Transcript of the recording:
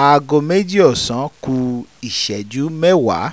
aago méjì ọ̀sán ku ìṣẹ́jú mẹ́wàá